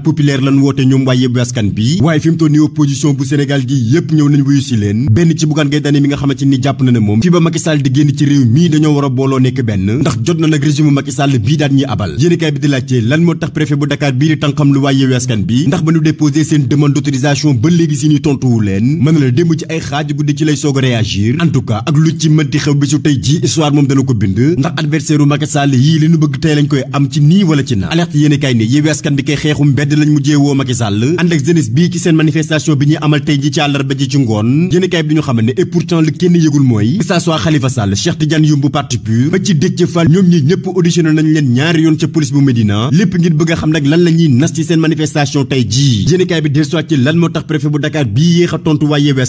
Sénégal populaire lan woote ñoom waaye yëpp askan bi waaye fi mu toll nii opposition bu Sénégal gi yëpp ñëw nañ wuyu si leen benn ci Bougane Gueye mi nga xamante ni jàpp na ne moom fi ba Macky di génn ci réew mii dañoo war a booloo nekk benn ndax jot na nag régime Macky bii daan ñuy abal yéenekaay bi di laajte lan moo tax préfet bu Dakar bii di tànqam lu waaye yëpp askan bi ndax ba ñu déposé seen demande ba léegi si ñuy tontuwu mbedd lañ mujjee woo Macky Sall ànd ak jeunesse bii ci seen manifestation bi ñuy amal tey ji ci àllarba ji ci ngoon yéenekaay bi ñu xam ne et pourtant kenn yëgul mooy que ça soit Khalifa Sall Cheikh parti pur ba ci Déthié Fall ñoom ñi ñëpp auditionné nañ leen ñaari yoon ca police bu Médina lépp ngir bëgg a xam nag lan la nas ci seen manifestation tey jii yéenekaay bi dellusiwaat ci lan moo tax préfet bu Dakar bii yéex a tontu waa Yewwi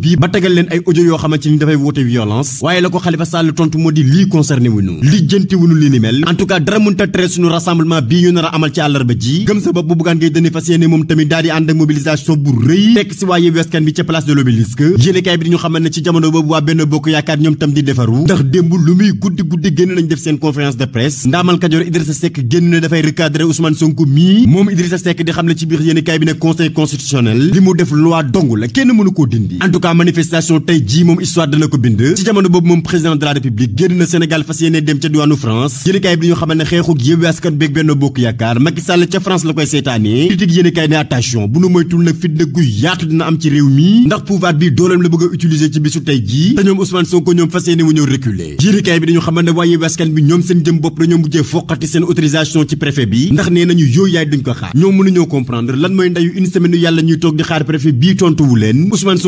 bi audio yoo xamante ni dafay woote violence waaye la ko Khalifa Sall tontu moo di lii concerné wuñu lijjanti wuñu li ni mel dara mënta tere suñu rassemblement bii ñu nar amal ci àllarba ji gëm sa bu buggaan ngay dane fas yéene moom tamit daal ànd ak mobilisation bu rëy tekk si waa Yewwi bi ca place de l'Obélisque yéenekaay bi di xamal ne ci jamono boobu waa Benno Bokk Yaakaar ñoom tam di defaru ndax démb lu muy guddi guddi génn nañ def tey jii moom histoire dana ko bind ci jamono boobu moom président de république génn na Sénégal fas yéene dem ca diwaanu France yéenekaay bi ñu xamal ne xeexug Yewwi Askan dina am ci réew mi ndax pouvoir bi dooleem la bëgg a ci bisu tey jii te ñoom Ousmane Sonko ñoom fas yéene wu ñëw reculer yéenekaay bi dañu xamal waa Yewwi yaay duñ ko xaar ñoom mënuñoo comprendre lan mooy ndayu une semaine yàlla ñuy toog di xaar préfet bii tontuwu leen Ousmane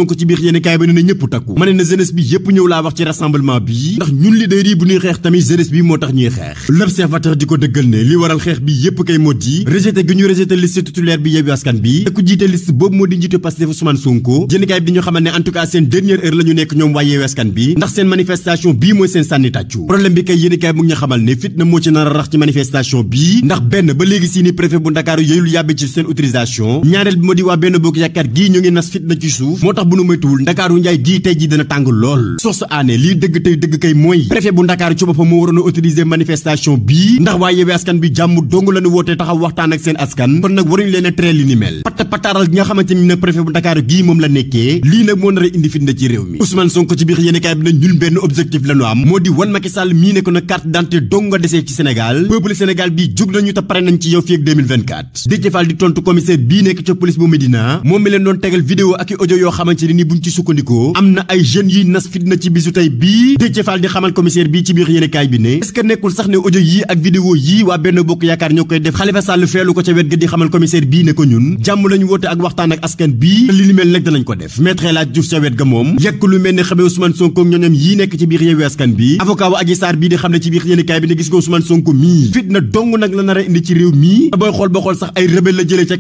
takku ma ne na jeunesse bi yépp ñëw laa wax ci rassemblement bi ndax ñun leader yi bu ñuy xeex tamit jeunesse bi moo tax ñuy xeex l'observateur di ko dëggal ne li waral xeex bi yépp kay mot yi gi ñu rejeté liste titulaire bi Yewwi Askan bi te ku jiite liste boobu moo di njiitu Pastef Ousmane Sonko jëndikaay bi di xamal ne en tout cas seen dernière heure la nekk ñoom waa Yewwi bi ndax seen manifestation bii mooy seen sànni tàccu problème bi kay yéenikaay a rax ci manifestation bii tey ji dina tàng lool source aanée lii dëgg tey dëgg kay mooy préfet bu Ndakaaru ci boppam moo waroon a autoriser manifestation bii ndax waa Yewwi Askan bi jàmm dong la wootee taxaw waxtaan ak seen askan kon nag waruñu leen a li ni mel patta pataaral gi nag préfet bu Ndakaaru gii moom la nekkee lii nag moo nar a indi ci réew mi Ousmane Sonko ci biir yéenekaay bi nañ ñun benn objectif la am moo di wan Macky Sall mii ne na carte d'identité dong nga desee yoo xamante ni buñ na ay jeunes yiy nas fitna ci bisu tey bii Déthié Fall di xamal commissaire bii ci biir yéenekaay bi ne est nekkul sax ne audio yii ak vidéo yii waa benn bokk yaakaar ñoo koy def Khalifa Sall feelu ko ca wet ga di xamal commissaire bii ne ko ñun jàmm lañu woote ak waxtaan ak askan bii li ni mel nag ko def maître El Hadji ca wet ga moom yekk lu mel ne xamee Ousmane Sonko mii fitna dong nag la nar a indi ci réew mii booy xool boo xool sax ay rebelle la jëlee ca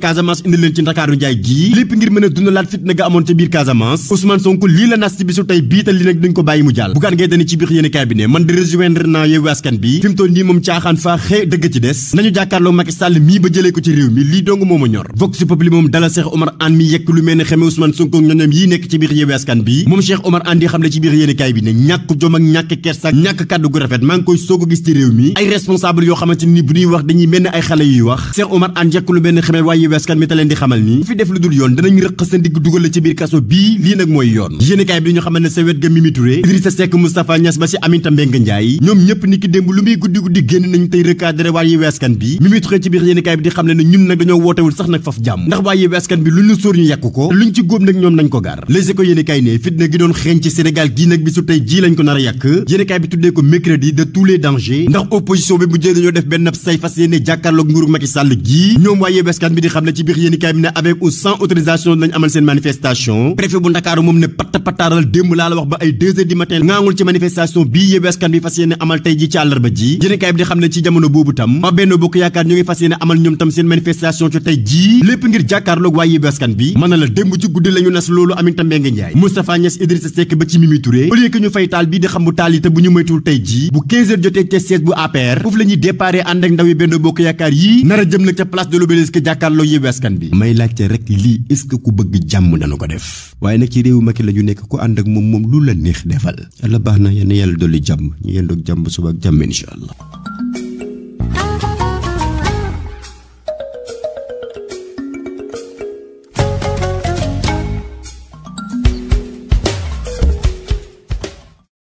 tas ci bisu tey bii te li nag dañ ko bàyyi mu jàll Bougane Gueye Dany ci biir yéen bi ne man di rejoindre naa Yewwi bi fi mu nii moom caaxaan faa xëy dëgg ci des nañu jàkkaarloo Macky Sall mii ba jëlee ko ci réew mi lii dong moo ma ñor Vox Populi moom dala Cheikh Omar Anne mi yekk lu mel ne xeme Ousmane Sonko ñoñom yi nekk ci biir Yewwi bi moom Cheikh Omar Anne di xam ci biir yéen bi ne ñàkk jom ak ñàkk kersa ñàkk kàddu gu rafet yoo yéenekaay bi ñu xamal ne sa wet ga Mimi Touré Idrissa Seck Moustapha Niass ba ci Aminata Mbengue Ndiaye ñoom ñëpp ni démb lu muy guddi guddi génn nañu tey recadré waa Yewwi bi di xam ne ne ñu sóor ñu ko luñ ci góob ko gar Les ne fitna gi doon xeeñ ci Sénégal gii nag bi su tey ji lañ ko nar a yàq yéenekaay bi tuddee ko mercredi de tous les ndax opposition bi bu jël dañoo def benn say fas yéene jàkkaarloog nguuru Macky Sall gii ñoom waa Yewwi Askan bi taaral démb laa la wax ba ay 2 heures du matin ci manifestation bii Yewwi Askan Wi fas amal tey ji ci àllarba ji yéenekaay bi di xam ne ci jamono boobu tam waa Benno Bokk ngi fas yéene amal ñoom tam seen ba ci Mimi Touré au ñu fay taal bii di xam bu taal bu ñu moytul tey jii bu 15 jotee ca bu APR foofu la ñuy ànd ak ndaw yi Benno Bokk Yaakaar yii nar jëm nag ca place de l'Obélisque jàkkaarloog Yewwi Askan bi ku ànd ak moom moom lu la neex defal yàlla baax na yenn yàlla dolli jàmm ñu yendoog jàmm suba ak jàmm incha allah